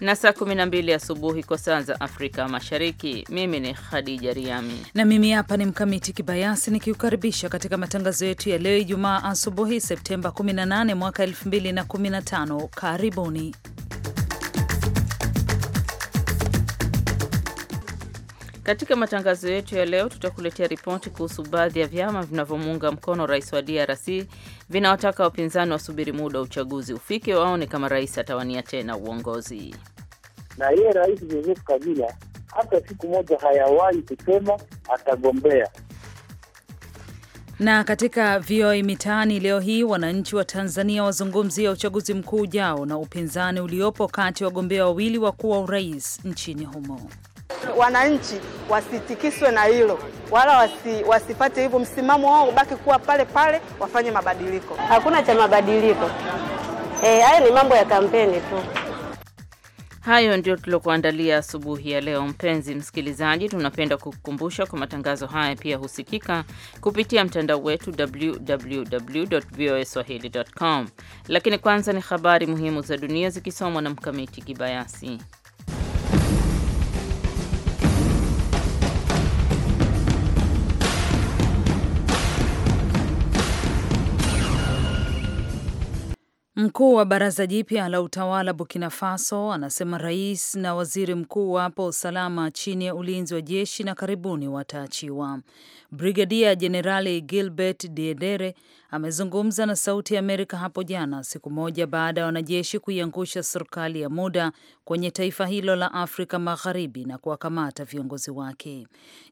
na saa 12 asubuhi kwa saa za Afrika Mashariki. Mimi ni Khadija Riami na mimi hapa ni Mkamiti Kibayasi nikiukaribisha katika matangazo yetu ya leo Ijumaa asubuhi Septemba 18 mwaka 2015. Karibuni. Katika matangazo yetu ya leo tutakuletea ripoti kuhusu baadhi ya vyama vinavyomuunga mkono rais wa DRC vinawataka wapinzani wasubiri muda wa uchaguzi ufike waone kama rais atawania tena uongozi. Na yeye Rais Joseph Kabila hata siku moja hayawahi kusema atagombea. Na katika VOA Mitaani leo hii, wananchi wa Tanzania wazungumzia uchaguzi mkuu ujao na upinzani uliopo kati ya wagombea wawili wakuu wa urais nchini humo wananchi wasitikiswe na hilo wala wasi, wasipate hivyo, msimamo wao ubaki kuwa pale pale, wafanye mabadiliko. Hakuna cha mabadiliko, eh, hayo ni mambo ya kampeni tu. Hayo ndio tuliokuandalia asubuhi ya leo. Mpenzi msikilizaji, tunapenda kukukumbusha kwa matangazo haya pia husikika kupitia mtandao wetu www.voaswahili.com. Lakini kwanza ni habari muhimu za dunia zikisomwa na Mkamiti Kibayasi. Mkuu wa baraza jipya la utawala Burkina Faso anasema rais na waziri mkuu wapo salama chini ya ulinzi wa jeshi na karibuni wataachiwa. Brigedia Jenerali Gilbert diedere amezungumza na Sauti ya Amerika hapo jana, siku moja baada ya wanajeshi kuiangusha serikali ya muda kwenye taifa hilo la Afrika Magharibi na kuwakamata viongozi wake.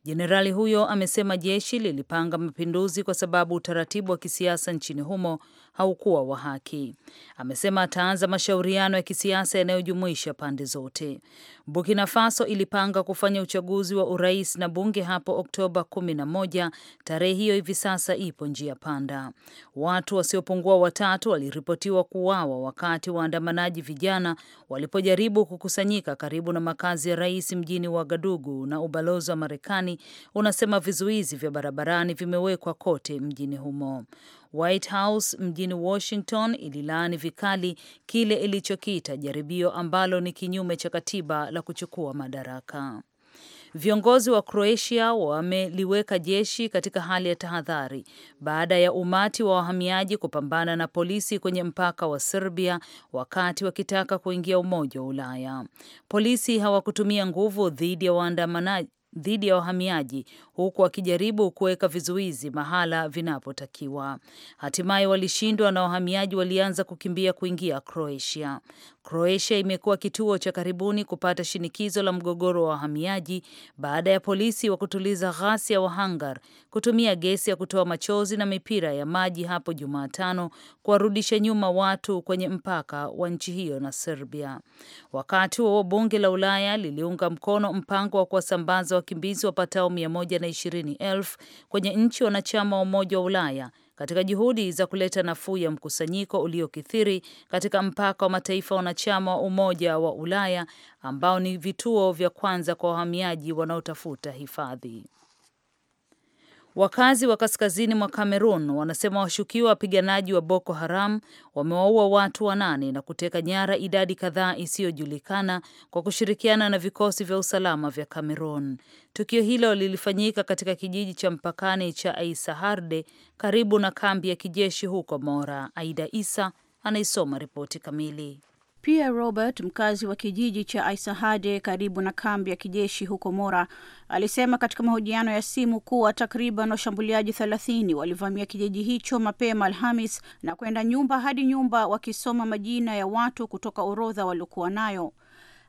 Jenerali huyo amesema jeshi lilipanga mapinduzi kwa sababu utaratibu wa kisiasa nchini humo haukuwa wa haki. Amesema ataanza mashauriano ya kisiasa yanayojumuisha pande zote. Burkina Faso ilipanga kufanya uchaguzi wa urais na bunge hapo Oktoba 11. Tarehe hiyo hivi sasa ipo njia panda. Watu wasiopungua watatu waliripotiwa kuuawa wakati waandamanaji vijana walipojaribu kukusanyika karibu na makazi ya rais mjini Wagadugu, na ubalozi wa Marekani unasema vizuizi vya barabarani vimewekwa kote mjini humo. White House mjini Washington ililaani vikali kile ilichokiita jaribio ambalo ni kinyume cha katiba la kuchukua madaraka. Viongozi wa Croatia wameliweka jeshi katika hali ya tahadhari baada ya umati wa wahamiaji kupambana na polisi kwenye mpaka wa Serbia wakati wakitaka kuingia Umoja wa Ulaya. Polisi hawakutumia nguvu dhidi ya waandamanaji dhidi ya wahamiaji huku wakijaribu kuweka vizuizi mahala vinapotakiwa. Hatimaye walishindwa na wahamiaji walianza kukimbia kuingia Croatia. Kroatia imekuwa kituo cha karibuni kupata shinikizo la mgogoro wa wahamiaji baada ya polisi wa kutuliza ghasia wa Hungar kutumia gesi ya kutoa machozi na mipira ya maji hapo Jumatano kuwarudisha nyuma watu kwenye mpaka wa nchi hiyo na Serbia. Wakati huo bunge la Ulaya liliunga mkono mpango wa kuwasambaza wakimbizi wapatao 120,000 kwenye nchi wanachama wa Umoja wa Ulaya katika juhudi za kuleta nafuu ya mkusanyiko uliokithiri katika mpaka wa mataifa wanachama wa Umoja wa Ulaya ambao ni vituo vya kwanza kwa wahamiaji wanaotafuta hifadhi. Wakazi wa kaskazini mwa Kamerun wanasema washukiwa wapiganaji wa Boko Haram wamewaua watu wanane na kuteka nyara idadi kadhaa isiyojulikana kwa kushirikiana na vikosi vya usalama vya Kamerun. Tukio hilo lilifanyika katika kijiji cha mpakani cha Aisaharde karibu na kambi ya kijeshi huko Mora. Aida Isa anaisoma ripoti kamili. Pia Robert, mkazi wa kijiji cha Isahade karibu na kambi ya kijeshi huko Mora, alisema katika mahojiano ya simu kuwa takriban washambuliaji thelathini walivamia kijiji hicho mapema Alhamis na kwenda nyumba hadi nyumba wakisoma majina ya watu kutoka orodha waliokuwa nayo.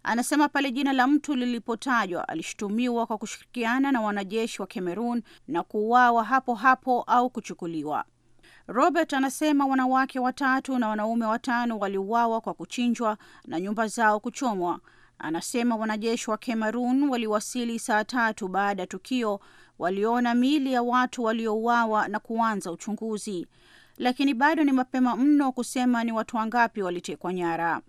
Anasema pale jina la mtu lilipotajwa alishutumiwa kwa kushirikiana na wanajeshi wa Cameroon na kuuawa hapo hapo au kuchukuliwa. Robert anasema wanawake watatu na wanaume watano waliuawa kwa kuchinjwa na nyumba zao kuchomwa. Anasema wanajeshi wa Cameroon waliwasili saa tatu baada ya tukio, waliona miili ya watu waliouawa na kuanza uchunguzi, lakini bado ni mapema mno kusema ni watu wangapi walitekwa nyara.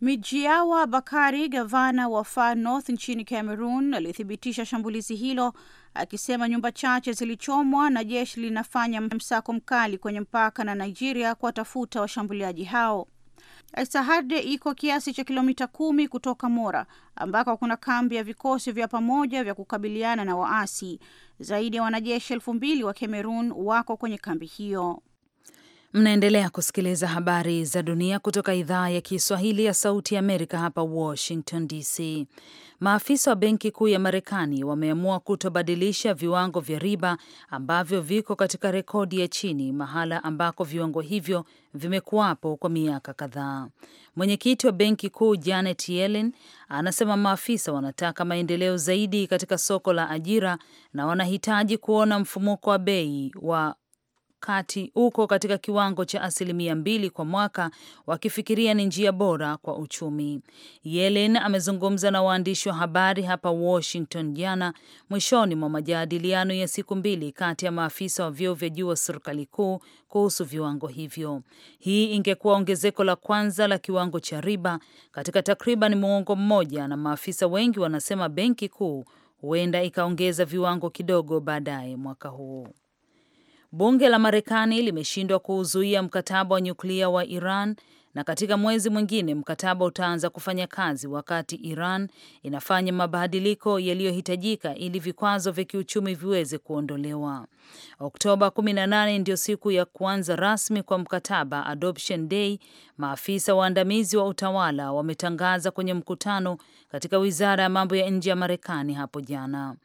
Mijiawa Bakari, gavana wa Far North nchini Cameroon, alithibitisha shambulizi hilo akisema nyumba chache zilichomwa na jeshi linafanya msako mkali kwenye mpaka na Nigeria kuwatafuta washambuliaji hao. Isaharde iko kiasi cha kilomita kumi kutoka Mora ambako kuna kambi ya vikosi vya pamoja vya kukabiliana na waasi. Zaidi ya wanajeshi elfu mbili wa Cameroon wako kwenye kambi hiyo. Mnaendelea kusikiliza habari za dunia kutoka idhaa ya Kiswahili ya Sauti ya Amerika hapa Washington DC. Maafisa wa benki kuu ya Marekani wameamua kutobadilisha viwango vya riba ambavyo viko katika rekodi ya chini, mahala ambako viwango hivyo vimekuwapo kwa miaka kadhaa. Mwenyekiti wa benki kuu Janet Yellen anasema maafisa wanataka maendeleo zaidi katika soko la ajira na wanahitaji kuona mfumuko wa bei wa kati uko katika kiwango cha asilimia mbili kwa mwaka, wakifikiria ni njia bora kwa uchumi. Yellen amezungumza na waandishi wa habari hapa Washington jana mwishoni mwa majadiliano ya siku mbili kati ya maafisa wa vyeo vya juu wa serikali kuu kuhusu viwango hivyo. Hii ingekuwa ongezeko la kwanza la kiwango cha riba katika takriban muongo mmoja, na maafisa wengi wanasema benki kuu huenda ikaongeza viwango kidogo baadaye mwaka huu. Bunge la Marekani limeshindwa kuuzuia mkataba wa nyuklia wa Iran na katika mwezi mwingine mkataba utaanza kufanya kazi wakati Iran inafanya mabadiliko yaliyohitajika ili vikwazo vya kiuchumi viweze kuondolewa. Oktoba 18 ndio siku ya kuanza rasmi kwa mkataba Adoption Day, maafisa waandamizi wa utawala wametangaza kwenye mkutano katika wizara ya mambo ya nje ya Marekani hapo jana.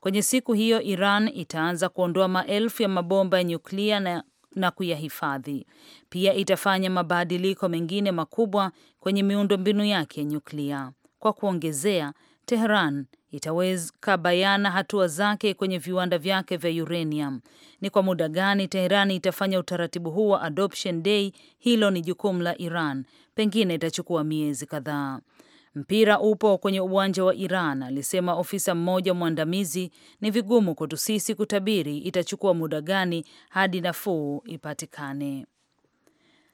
Kwenye siku hiyo Iran itaanza kuondoa maelfu ya mabomba ya nyuklia na na kuyahifadhi. Pia itafanya mabadiliko mengine makubwa kwenye miundombinu yake ya nyuklia. Kwa kuongezea, Tehran itaweka bayana hatua zake kwenye viwanda vyake vya uranium. Ni kwa muda gani teheran itafanya utaratibu huu wa Adoption Day? Hilo ni jukumu la Iran, pengine itachukua miezi kadhaa. Mpira upo kwenye uwanja wa Iran, alisema ofisa mmoja mwandamizi. Ni vigumu kwetu sisi kutabiri itachukua muda gani hadi nafuu ipatikane.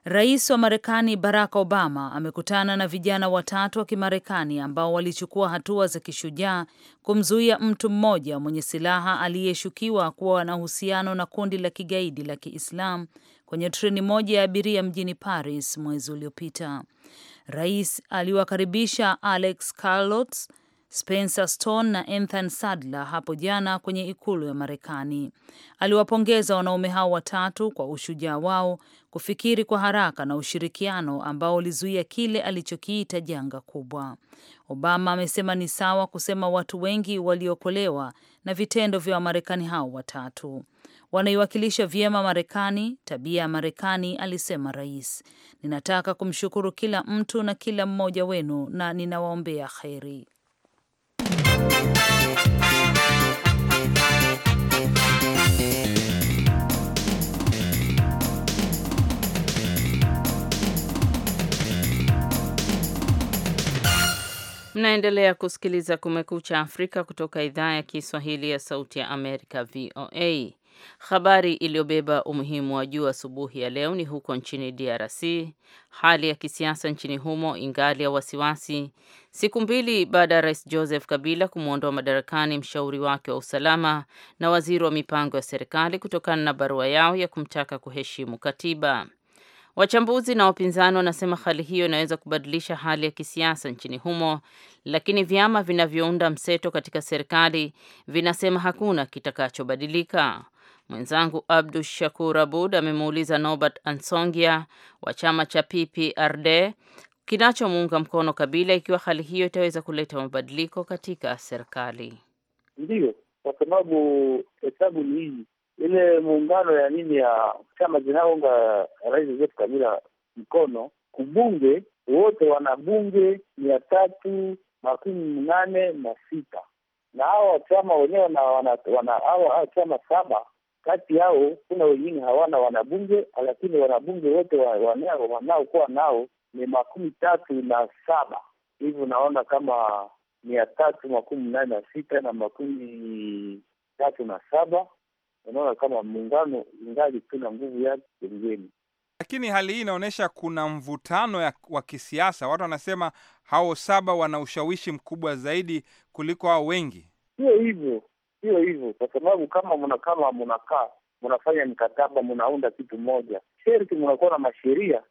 Rais wa Marekani Barack Obama amekutana na vijana watatu wa Kimarekani ambao walichukua hatua za kishujaa kumzuia mtu mmoja mwenye silaha aliyeshukiwa kuwa na uhusiano na kundi la kigaidi la Kiislamu kwenye treni moja ya abiria mjini Paris mwezi uliopita. Rais aliwakaribisha Alex Carlots, Spencer Stone na Ethan Sadler hapo jana kwenye ikulu ya Marekani. Aliwapongeza wanaume hao watatu kwa ushujaa wao, kufikiri kwa haraka na ushirikiano ambao ulizuia kile alichokiita janga kubwa. Obama amesema ni sawa kusema watu wengi waliokolewa na vitendo vya Wamarekani hao watatu wanaiwakilisha vyema Marekani, tabia ya Marekani, alisema rais. Ninataka kumshukuru kila mtu na kila mmoja wenu na ninawaombea kheri. Mnaendelea kusikiliza Kumekucha Afrika kutoka idhaa ya Kiswahili ya Sauti ya Amerika, VOA. Habari iliyobeba umuhimu wa juu asubuhi ya leo ni huko nchini DRC. Hali ya kisiasa nchini humo ingali ya wasiwasi, siku mbili baada ya rais Joseph Kabila kumwondoa madarakani mshauri wake wa usalama na waziri wa mipango ya serikali kutokana na barua yao ya kumtaka kuheshimu katiba. Wachambuzi na wapinzani wanasema hali hiyo inaweza kubadilisha hali ya kisiasa nchini humo, lakini vyama vinavyounda mseto katika serikali vinasema hakuna kitakachobadilika. Mwenzangu Abdu Shakur Abud amemuuliza Norbert Ansongia wa chama cha PPRD kinachomuunga mkono Kabila ikiwa hali hiyo itaweza kuleta mabadiliko katika serikali. Ndiyo, kwa sababu hesabu ni hii ile muungano ya nini ya chama zinaounga rais Joseph Kabila mkono kubunge, wote wana bunge mia tatu makumi mnane na sita na hawa chama wenyewe hawa chama saba kati yao kuna wengine hawana wanabunge, lakini wanabunge wote wanao wanaokuwa nao ni makumi tatu na saba hivyo naona kama mia tatu makumi nane na sita na makumi tatu na saba Unaona kama muungano ingali tuna nguvu yake pembeni, lakini hali hii inaonyesha kuna mvutano wa kisiasa. Watu wanasema hao saba wana ushawishi mkubwa zaidi kuliko hao wengi. Sio hivyo, Sio hivyo, kwa sababu kama mnakama mnakaa mnafanya mkataba, mnaunda kitu moja, sherti mnakuwa na masheria.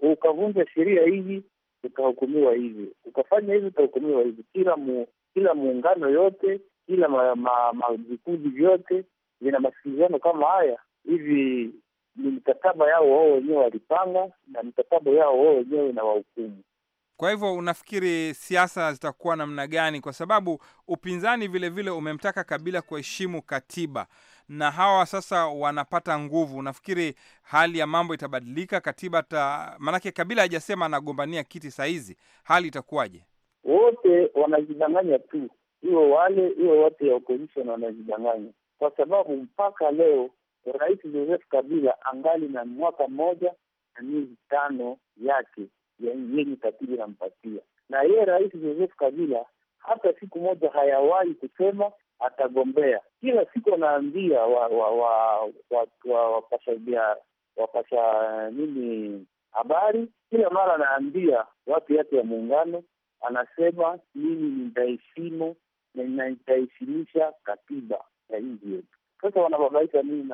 Ukavunja sheria hivi utahukumiwa hivi, ukafanya hivi utahukumiwa hivi. Kila mu, kila muungano yote kila mavikundi ma, ma, vyote vina masikilizano kama haya hivi. Ni mikataba yao wao wenyewe walipanga, na mikataba yao wao wenyewe na wahukumu. Kwa hivyo unafikiri siasa zitakuwa namna gani? Kwa sababu upinzani vilevile vile umemtaka Kabila kuheshimu katiba na hawa sasa wanapata nguvu. Unafikiri hali ya mambo itabadilika? Katiba ta maanake, Kabila hajasema anagombania kiti sahizi, hali itakuwaje? Wote wanajidanganya tu, iwo wale iwo wote ya opposition wanajidanganya, kwa sababu mpaka leo Rais Joseph Kabila angali na mwaka mmoja na miezi tano yake yenye katiba inampatia. Na yeye Rais Joseph Kabila hata siku moja hayawahi kusema atagombea. Kila siku anaambia wapasha nini habari, kila mara anaambia watu yake ya muungano, anasema mimi nitaheshimu na nitaheshimisha katiba ya nchi yetu. Sasa wanababaisha nini?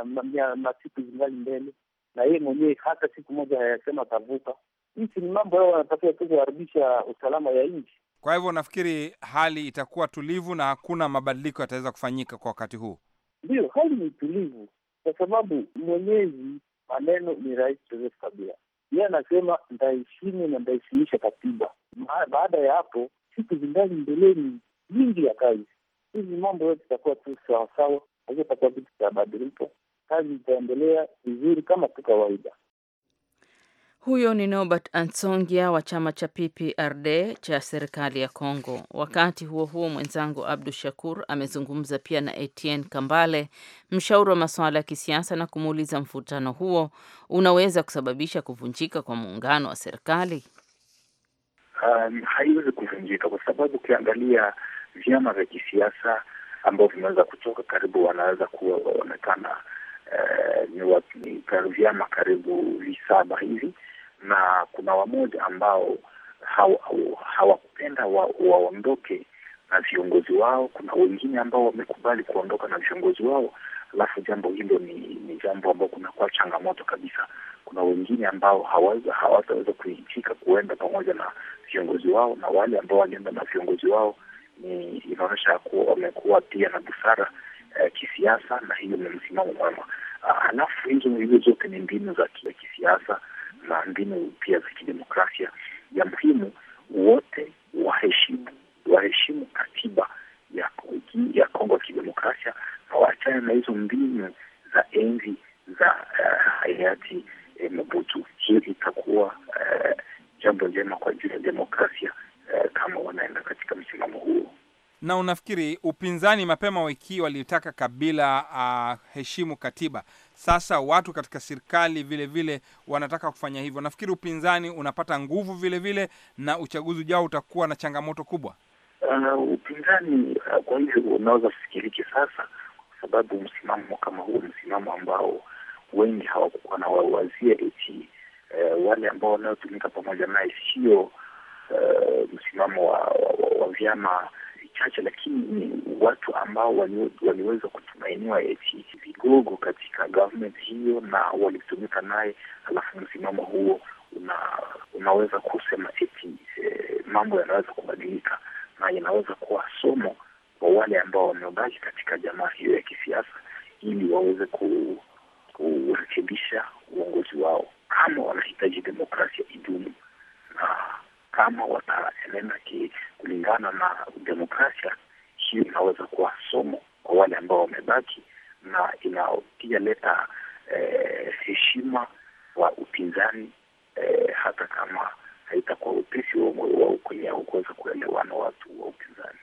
na siku zingali mbele, na yeye mwenyewe hata siku moja hayasema atavuka hizi ni mambo yao wanatakiwa tu kuharibisha usalama ya nchi. Kwa hivyo nafikiri hali itakuwa tulivu na hakuna mabadiliko yataweza kufanyika kwa wakati huu. Ndiyo, hali ni tulivu kwa sababu mwenyezi maneno ni Rais Joseph Kabila. Yeye anasema ndaheshimu na ndaheshimisha katiba. Baada ya hapo, siku zingali mbeleni nyingi ya kazi hizi, mambo yote itakuwa tu sawasawa, hakitakuwa kitu cha badiliko. Kazi itaendelea vizuri kama tu kawaida. Huyo ni Norbert Ansongia wa chama cha PPRD cha serikali ya congo Wakati huo huo, mwenzangu Abdu Shakur amezungumza pia na Etienne Kambale, mshauri wa masuala ya kisiasa, na kumuuliza mvutano huo unaweza kusababisha kuvunjika kwa muungano wa serikali. Um, haiwezi kuvunjika kwa sababu ukiangalia vyama vya kisiasa ambao vinaweza kutoka karibu, wanaweza kuwa waonekana uh, ni vyama karibu visaba hivi na kuna wamoja ambao hawakupenda hawa waondoke na viongozi wao. Kuna wengine ambao wamekubali kuondoka na viongozi wao, alafu jambo hilo ni, ni jambo ambao kunakuwa changamoto kabisa. Kuna wengine ambao hawataweza kuitika kuenda pamoja na viongozi wao, na wale ambao walienda na viongozi wao ni inaonyesha kuwa wamekuwa pia na busara eh, kisiasa, na hiyo ni msimamo mwema. Ah, alafu hizo hizo zote ni mbinu za kisiasa na mbinu pia za kidemokrasia. Ya muhimu wote waheshimu waheshimu katiba ya, ya Kongo ya kidemokrasia na waachane na hizo mbinu za enzi za uh, hayati eh, Mobutu. Hii itakuwa uh, jambo njema kwa ajili ya demokrasia uh, kama wanaenda katika msimamo huo. Na unafikiri upinzani mapema wiki walitaka Kabila aheshimu ah, uh, katiba sasa watu katika serikali vile vile wanataka kufanya hivyo. Nafikiri upinzani unapata nguvu vile vile, na uchaguzi ujao utakuwa na changamoto kubwa. Uh, upinzani uh, kwa hivyo unaweza fikiriki sasa, kwa sababu msimamo kama huu, msimamo ambao wengi hawakuwa na wawazia eti uh, wale ambao wanaotumika pamoja naye sio uh, msimamo wa, wa, wa, wa vyama chache, lakini ni watu ambao waliweza kutumainiwa eti vigogo katika government hiyo na walitumika naye, alafu msimamo huo una, unaweza kusema eti e, mambo yanaweza kubadilika na inaweza kuwa somo kwa wale ambao wamebaki katika jamaa hiyo ya kisiasa ili waweze ku, kurekebisha uongozi wao kama wanahitaji demokrasia idumu na kama wataenenda kulingana na demokrasia, hiyo inaweza kuwa somo kwa wale ambao wamebaki, na inatia leta eh, heshima wa upinzani eh, hata kama haitakuwa upesi wa kuweza kuelewana watu wa upinzani.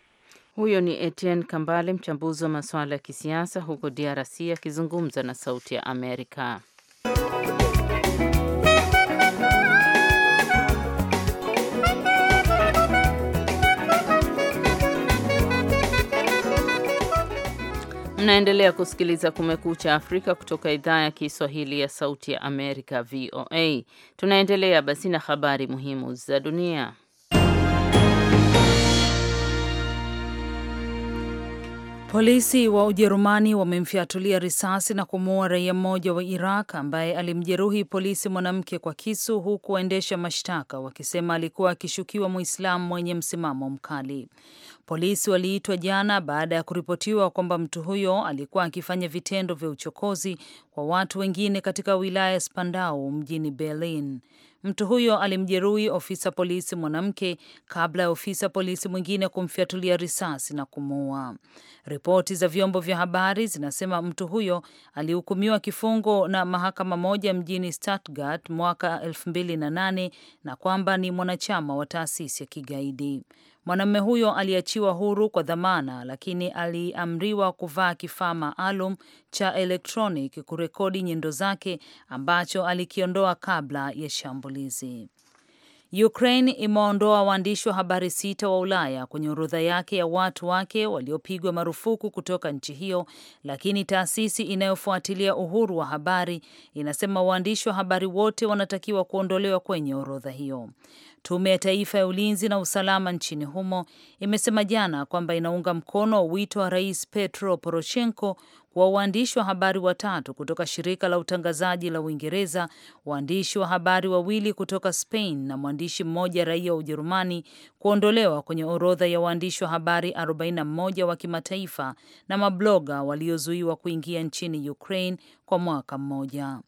Huyo ni Etienne Kambale, mchambuzi wa masuala ya kisiasa huko DRC akizungumza na Sauti ya Amerika. Mnaendelea kusikiliza Kumekucha Afrika kutoka idhaa ya Kiswahili ya Sauti ya Amerika, VOA. Tunaendelea basi na habari muhimu za dunia. Polisi wa Ujerumani wamemfyatulia risasi na kumuua raia mmoja wa Iraq ambaye alimjeruhi polisi mwanamke kwa kisu, huku waendesha mashtaka wakisema alikuwa akishukiwa Muislamu mwenye msimamo mkali. Polisi waliitwa jana baada ya kuripotiwa kwamba mtu huyo alikuwa akifanya vitendo vya uchokozi kwa watu wengine katika wilaya ya Spandau mjini Berlin. Mtu huyo alimjeruhi ofisa polisi mwanamke kabla ya ofisa polisi mwingine kumfyatulia risasi na kumuua. Ripoti za vyombo vya habari zinasema mtu huyo alihukumiwa kifungo na mahakama moja mjini Stuttgart mwaka 2008 na kwamba ni mwanachama wa taasisi ya kigaidi. Mwanamume huyo aliachiwa huru kwa dhamana, lakini aliamriwa kuvaa kifaa maalum cha elektroniki kurekodi nyendo zake ambacho alikiondoa kabla ya shambulizi. Ukraine imeondoa waandishi wa habari sita wa Ulaya kwenye orodha yake ya watu wake waliopigwa marufuku kutoka nchi hiyo, lakini taasisi inayofuatilia uhuru wa habari inasema waandishi wa habari wote wanatakiwa kuondolewa kwenye orodha hiyo. Tume ya Taifa ya Ulinzi na Usalama nchini humo imesema jana kwamba inaunga mkono wito wa Rais Petro Poroshenko wa waandishi wa habari watatu kutoka shirika la utangazaji la Uingereza, waandishi wa habari wawili kutoka Spain na mwandishi mmoja raia wa Ujerumani kuondolewa kwenye orodha ya waandishi wa habari 41 wa kimataifa na mabloga waliozuiwa kuingia nchini Ukraine kwa mwaka mmoja.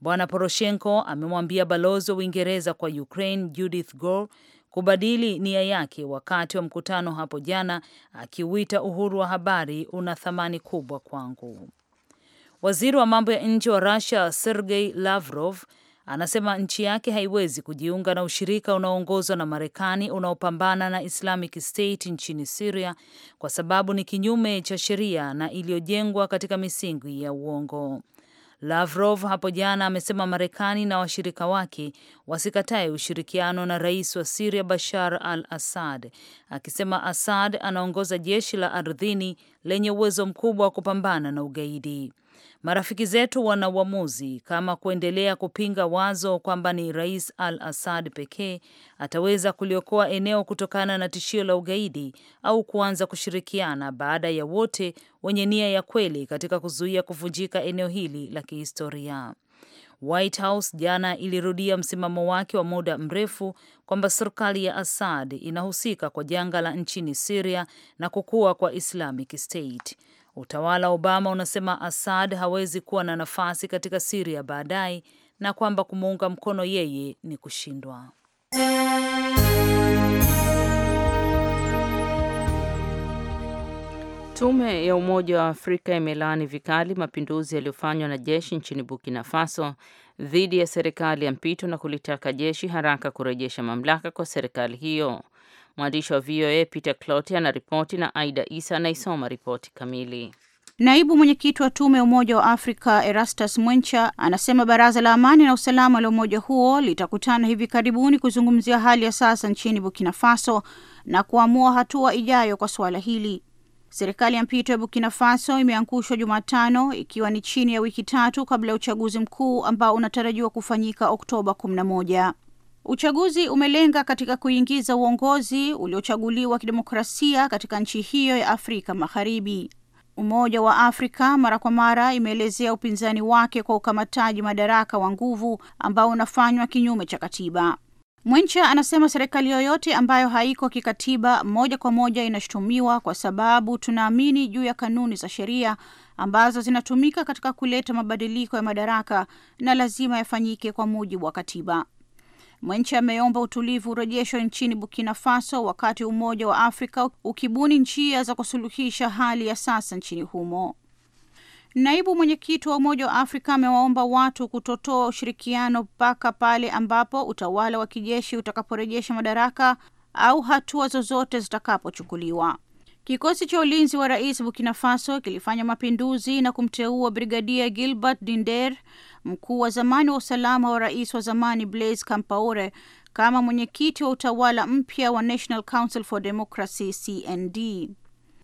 Bwana Poroshenko amemwambia balozi wa Uingereza kwa Ukraine Judith Gore kubadili nia yake wakati wa mkutano hapo jana, akiuita uhuru wa habari una thamani kubwa kwangu. Waziri wa mambo ya nje wa Russia Sergei Lavrov anasema nchi yake haiwezi kujiunga na ushirika unaoongozwa na Marekani unaopambana na Islamic State nchini siria kwa sababu ni kinyume cha sheria na iliyojengwa katika misingi ya uongo. Lavrov hapo jana amesema Marekani na washirika wake wasikatae ushirikiano na rais wa Siria Bashar al Assad, akisema Assad anaongoza jeshi la ardhini lenye uwezo mkubwa wa kupambana na ugaidi. Marafiki zetu wana uamuzi kama kuendelea kupinga wazo kwamba ni Rais al Assad pekee ataweza kuliokoa eneo kutokana na tishio la ugaidi au kuanza kushirikiana baada ya wote wenye nia ya kweli katika kuzuia kuvunjika eneo hili la kihistoria. White House jana ilirudia msimamo wake wa muda mrefu kwamba serikali ya Assad inahusika kwa janga la nchini siria na kukua kwa Islamic State. Utawala wa Obama unasema Assad hawezi kuwa na nafasi katika Siria baadaye na kwamba kumuunga mkono yeye ni kushindwa. Tume ya Umoja wa Afrika imelaani vikali mapinduzi yaliyofanywa na jeshi nchini Burkina Faso dhidi ya serikali ya mpito na kulitaka jeshi haraka kurejesha mamlaka kwa serikali hiyo. Mwandishi wa VOA Peter Clote anaripoti na Aida Isa anaisoma ripoti kamili. Naibu mwenyekiti wa tume ya Umoja wa Afrika Erastus Mwencha anasema baraza la amani na usalama la umoja huo litakutana hivi karibuni kuzungumzia hali ya sasa nchini Burkina Faso na kuamua hatua ijayo kwa suala hili. Serikali ya mpito ya Burkina Faso imeangushwa Jumatano, ikiwa ni chini ya wiki tatu kabla ya uchaguzi mkuu ambao unatarajiwa kufanyika Oktoba 11. Uchaguzi umelenga katika kuingiza uongozi uliochaguliwa kidemokrasia katika nchi hiyo ya Afrika Magharibi. Umoja wa Afrika mara kwa mara imeelezea upinzani wake kwa ukamataji madaraka wa nguvu ambao unafanywa kinyume cha katiba. Mwencha anasema serikali yoyote ambayo haiko kikatiba moja kwa moja inashutumiwa, kwa sababu tunaamini juu ya kanuni za sheria ambazo zinatumika katika kuleta mabadiliko ya madaraka na lazima yafanyike kwa mujibu wa katiba. Mwenche ameomba utulivu urejeshwe nchini Burkina Faso wakati Umoja wa Afrika ukibuni njia za kusuluhisha hali ya sasa nchini humo. Naibu mwenyekiti wa Umoja wa Afrika amewaomba watu kutotoa ushirikiano mpaka pale ambapo utawala wa kijeshi utakaporejesha madaraka au hatua zozote zitakapochukuliwa. Kikosi cha ulinzi wa rais Burkina Faso kilifanya mapinduzi na kumteua Brigadia Gilbert Dinder, mkuu wa zamani wa usalama wa rais wa zamani Blaise campaore kama mwenyekiti wa utawala mpya wa National Council for Democracy CND.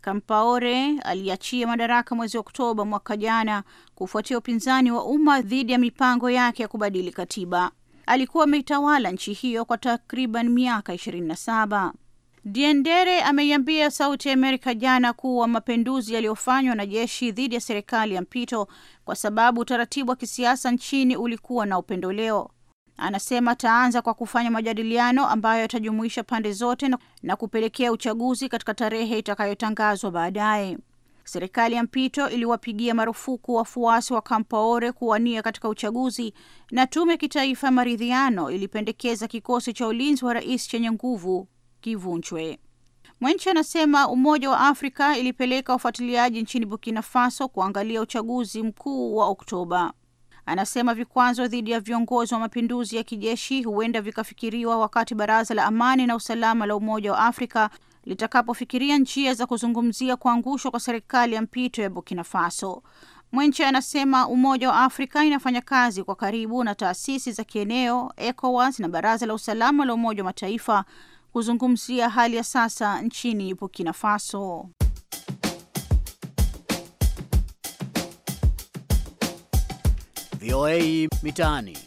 Kampaore aliachia madaraka mwezi Oktoba mwaka jana kufuatia upinzani wa umma dhidi ya mipango yake ya kubadili katiba. Alikuwa ameitawala nchi hiyo kwa takriban miaka saba. Diendere ameiambia Sauti ya Amerika jana kuwa mapinduzi yaliyofanywa na jeshi dhidi ya serikali ya mpito kwa sababu utaratibu wa kisiasa nchini ulikuwa na upendoleo Anasema ataanza kwa kufanya majadiliano ambayo yatajumuisha pande zote na kupelekea uchaguzi katika tarehe itakayotangazwa baadaye. Serikali ya mpito iliwapigia marufuku wafuasi wa Kampaore kuwania katika uchaguzi, na tume ya kitaifa ya maridhiano ilipendekeza kikosi cha ulinzi wa rais chenye nguvu kivunjwe. Mwenche anasema Umoja wa Afrika ilipeleka ufuatiliaji nchini Burkina Faso kuangalia uchaguzi mkuu wa Oktoba. Anasema vikwazo dhidi ya viongozi wa mapinduzi ya kijeshi huenda vikafikiriwa wakati Baraza la Amani na Usalama la Umoja wa Afrika litakapofikiria njia za kuzungumzia kuangushwa kwa serikali ya mpito ya Burkina Faso. Mwenche anasema Umoja wa Afrika inafanya kazi kwa karibu na taasisi za kieneo ECOWAS na Baraza la Usalama la Umoja wa Mataifa kuzungumzia hali ya sasa nchini Burkina Faso. VOA Mitaani.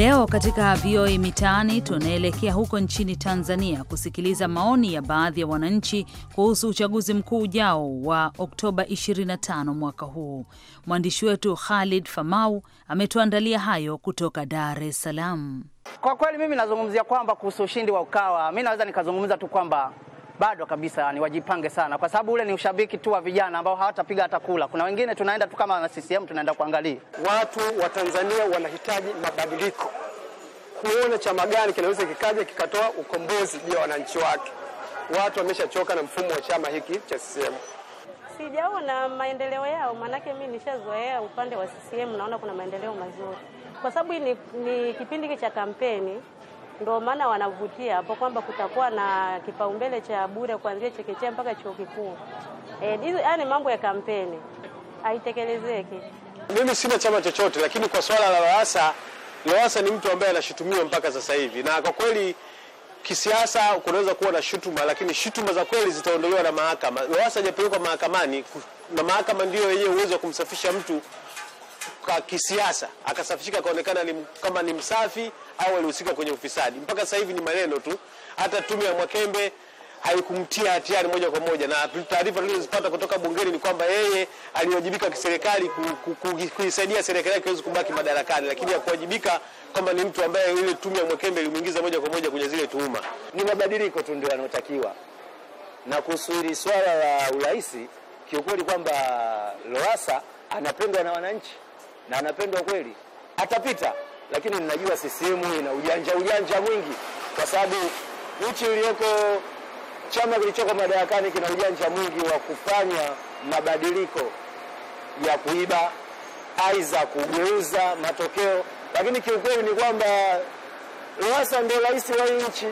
Leo katika VOA Mitaani tunaelekea huko nchini Tanzania kusikiliza maoni ya baadhi ya wananchi kuhusu uchaguzi mkuu ujao wa Oktoba 25 mwaka huu. Mwandishi wetu Khalid Famau ametuandalia hayo kutoka Dar es Salaam. Kwa kweli mimi nazungumzia kwamba kuhusu ushindi wa Ukawa, mi naweza nikazungumza tu kwamba bado kabisa, ni wajipange sana, kwa sababu ule ni ushabiki tu wa vijana ambao hawatapiga hata kula. Kuna wengine tunaenda tu kama na CCM tunaenda kuangalia. Watu wa Tanzania wanahitaji mabadiliko, kuona chama gani kinaweza kikaja kikatoa ukombozi juu ya wananchi wake. Watu wameshachoka na mfumo wa chama hiki cha CCM. Sijaona maendeleo yao, maanake mi nishazoea upande wa CCM, naona kuna maendeleo mazuri, kwa sababu ni, ni kipindi cha kampeni ndio maana wanavutia hapo kwamba kutakuwa na kipaumbele cha bure kuanzia chekechea mpaka chuo kikuu. E, Haya ni mambo ya kampeni, haitekelezeki. Mimi sina chama chochote, lakini kwa swala la Lowassa, Lowassa ni mtu ambaye anashutumiwa mpaka sasa hivi, na kwa kweli kisiasa kunaweza kuwa na shutuma, lakini shutuma za kweli zitaondolewa na mahakama. Lowassa hajapelekwa mahakamani, na mahakama ndiyo yenyewe uwezo wa kumsafisha mtu kwa kisiasa, akasafishika akaonekana kama ni msafi au walihusika kwenye ufisadi. Mpaka sasa hivi ni maneno tu, hata tume ya Mwakembe haikumtia hatiani moja kwa moja, na taarifa tulizopata kutoka bungeni ni kwamba yeye aliwajibika kiserikali kuisaidia serikali yake iweze kubaki madarakani, lakini hakuwajibika kwamba ni mtu ambaye ile tume ya Mwakembe ilimuingiza moja kwa moja kwenye zile tuhuma. Ni mabadiliko tu ndio yanayotakiwa. Na kuhusu hili swala la urais, kiukweli kwamba Lowassa anapendwa na wananchi na anapendwa kweli, atapita lakini ninajua sisihemu ina ujanja ujanja mwingi, kwa sababu nchi iliyoko, chama kilichoko madarakani kina ujanja mwingi wa kufanya mabadiliko ya kuiba, aidha kugeuza matokeo. Lakini kiukweli ni kwamba Lowassa ndio rais wa nchi,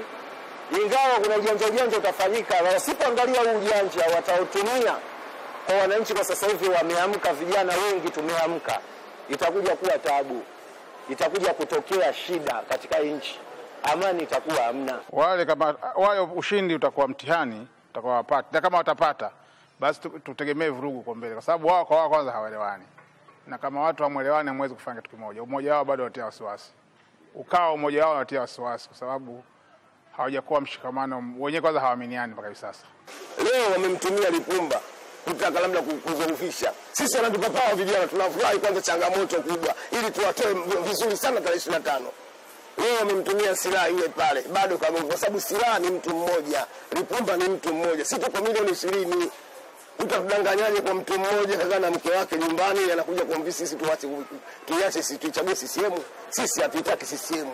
ingawa kuna ujanja ujanja utafanyika, wasipoangalia huu ujanja watautumia kwa wananchi. Kwa sasa hivi wameamka, vijana wengi tumeamka, itakuja kuwa taabu itakuja kutokea shida katika nchi, amani itakuwa hamna. Wale kama wale ushindi utakuwa mtihani utakuwa wapata, na kama watapata basi tutegemee vurugu kwa mbele, kwa sababu wao kwa wao kwanza hawaelewani, na kama watu hamwelewani hamwezi kufanya kitu kimoja. Umoja wao bado unatia wasiwasi, ukawa umoja wao unatia wasiwasi, kwa sababu hawajakuwa mshikamano wenyewe, kwanza hawaaminiani mpaka hivi sasa. Leo wamemtumia Lipumba kutaka labda kuzungufisha Sisi wanatupapawa vijana tunafurahi kwanza changamoto kubwa, ili tuwatoe vizuri sana tarehe ishirini na tano. Leo wamemtumia silaha yule pale bado, kwa sababu silaha ni mtu mmoja, Lipumba ni mtu mmoja, si tuko milioni ishirini Utatudanganyaje kwa mtu mmoja kakaa na mke wake nyumbani, anakuja kuamvisi sisi tuwache tuiache sisi tuichague CCM? Sisi hatuitaki CCM,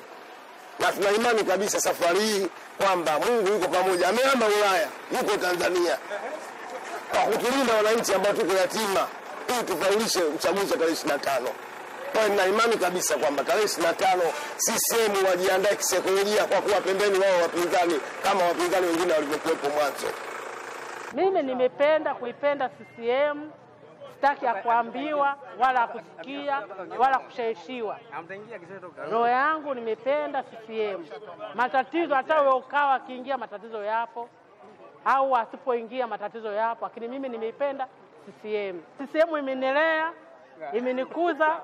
na tuna imani kabisa safari hii kwamba Mungu yuko pamoja, ameamba Ulaya, yuko Tanzania kwa kutulinda wananchi ambao tuko yatima, ili tufaulishe uchaguzi wa tarehe 25. Kwa nina imani kabisa kwamba tarehe 25 CCM wajiandae kisaikolojia kwa kuwa pembeni wao wapinzani kama wapinzani wengine walivyokuwepo mwanzo. Mimi nimependa kuipenda CCM, sitaki ya kuambiwa wala kusikia wala kushaishiwa Roho yangu nimependa CCM. Matatizo hata wewe ukawa akiingia, matatizo yapo au asipoingia matatizo yapo, lakini mimi nimeipenda CCM. CCM imenilea, imenikuza,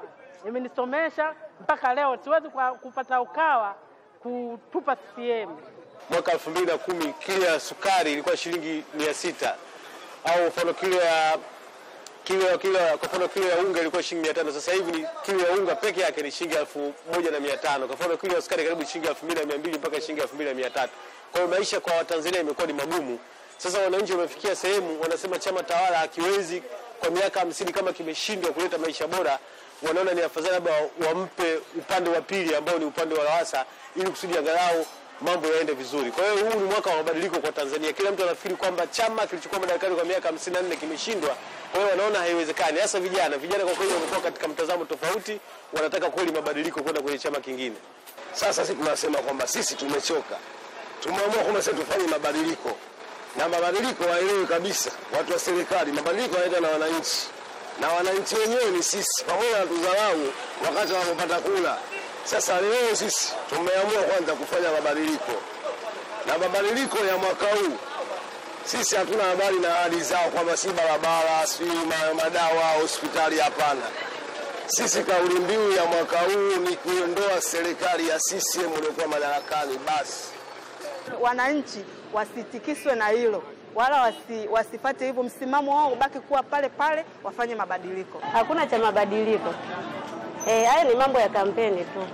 imenisomesha mpaka leo. Siwezi kupata UKAWA kutupa CCM. Mwaka elfu mbili na kumi kilo ya sukari ilikuwa shilingi mia sita au mfano kilo ya kilo kilo kwa mfano kilo ya unga ilikuwa shilingi mia tano Sasa hivi ni kilo ya unga peke yake ni shilingi elfu moja na mia tano Kwa mfano kilo ya sukari karibu shilingi elfu mbili na mia mbili mpaka shilingi elfu mbili na mia tatu kwa hiyo maisha kwa Watanzania imekuwa ni magumu. Sasa wananchi wamefikia sehemu wanasema chama tawala hakiwezi kwa miaka hamsini kama kimeshindwa kuleta maisha bora, wanaona ni afadhali labda wampe upande wa pili ambao ni upande wa Lawasa ili kusudi angalau mambo yaende vizuri. Kwa hiyo huu ni mwaka wa mabadiliko kwa Tanzania. Kila mtu anafikiri kwamba chama kilichokuwa madarakani kwa miaka 54 kimeshindwa, kwa hiyo wanaona haiwezekani. Hasa vijana, vijana kwa kweli wamekuwa katika mtazamo tofauti, wanataka kweli mabadiliko kwenda kwenye chama kingine. Sasa sisi tunasema kwamba sisi tumechoka tumeamua kwamba sasa tufanye mabadiliko na mabadiliko waelewe kabisa watu wa serikali, mabadiliko yanaenda na wananchi, na wananchi wenyewe ni sisi, pamoja na tudharau wakati wanapopata kula. Sasa leo sisi tumeamua kwanza kufanya mabadiliko, na mabadiliko ya mwaka huu sisi hatuna habari na hali zao kwamba si barabara, si madawa, hospitali. Hapana, sisi kauli mbiu ya mwaka huu ni kuondoa serikali ya CCM iliyokuwa madarakani basi wananchi wasitikiswe na hilo wala wasi, wasipate hivyo, msimamo wao ubaki kuwa pale pale, wafanye mabadiliko. Hakuna cha mabadiliko. eh, haya ni mambo ya kampeni tu.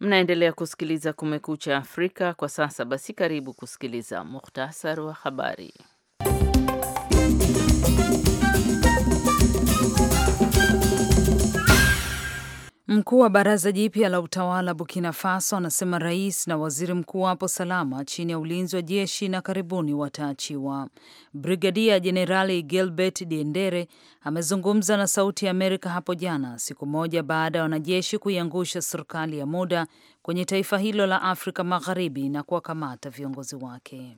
Mnaendelea kusikiliza Kumekucha Afrika kwa sasa. Basi karibu kusikiliza muhtasari wa habari. Mkuu wa baraza jipya la utawala Burkina Faso anasema rais na waziri mkuu wapo salama chini ya ulinzi wa jeshi na karibuni wataachiwa. Brigadia Jenerali Gilbert Diendere amezungumza na Sauti ya Amerika hapo jana, siku moja baada ya wanajeshi kuiangusha serikali ya muda kwenye taifa hilo la Afrika Magharibi na kuwakamata viongozi wake.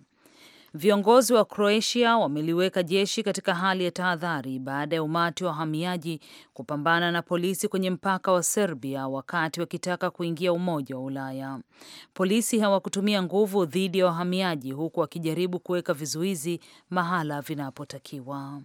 Viongozi wa Croatia wameliweka jeshi katika hali ya tahadhari baada ya umati wa wahamiaji kupambana na polisi kwenye mpaka wa Serbia wakati wakitaka kuingia Umoja wa Ulaya. Polisi hawakutumia nguvu dhidi ya wahamiaji, huku wakijaribu kuweka vizuizi mahala vinapotakiwa.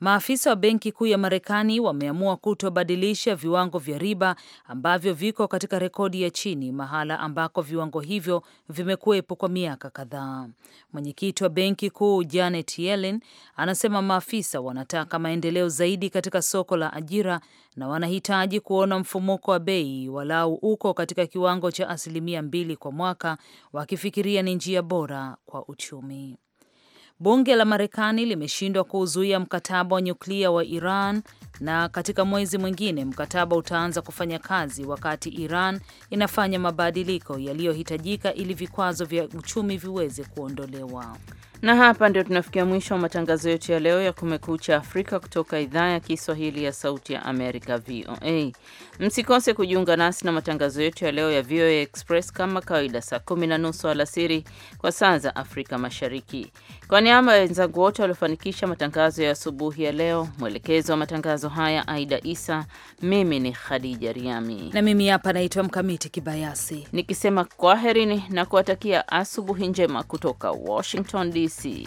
Maafisa wa benki kuu ya Marekani wameamua kutobadilisha viwango vya riba ambavyo viko katika rekodi ya chini, mahala ambako viwango hivyo vimekuwepo kwa miaka kadhaa. Mwenyekiti wa benki kuu Janet Yellen anasema maafisa wanataka maendeleo zaidi katika soko la ajira na wanahitaji kuona mfumuko wa bei walau uko katika kiwango cha asilimia mbili kwa mwaka, wakifikiria ni njia bora kwa uchumi. Bunge la Marekani limeshindwa kuuzuia mkataba wa nyuklia wa Iran na katika mwezi mwingine mkataba utaanza kufanya kazi wakati Iran inafanya mabadiliko yaliyohitajika ili vikwazo vya uchumi viweze kuondolewa. Na hapa ndio tunafikia mwisho wa matangazo yetu ya leo ya Kumekucha Afrika kutoka idhaa ya Kiswahili ya Sauti ya Amerika, VOA. Msikose kujiunga nasi na matangazo yetu ya leo ya VOA Express kama kawaida, saa kumi na nusu alasiri kwa saa za Afrika Mashariki. Kwa niaba ya wenzangu wote waliofanikisha matangazo ya asubuhi ya leo, mwelekezo wa matangazo haya Aida Isa, mimi ni Khadija Riami na mimi hapa naitwa Mkamiti Kibayasi nikisema kwaherini na kuwatakia asubuhi njema kutoka Washington DC. see.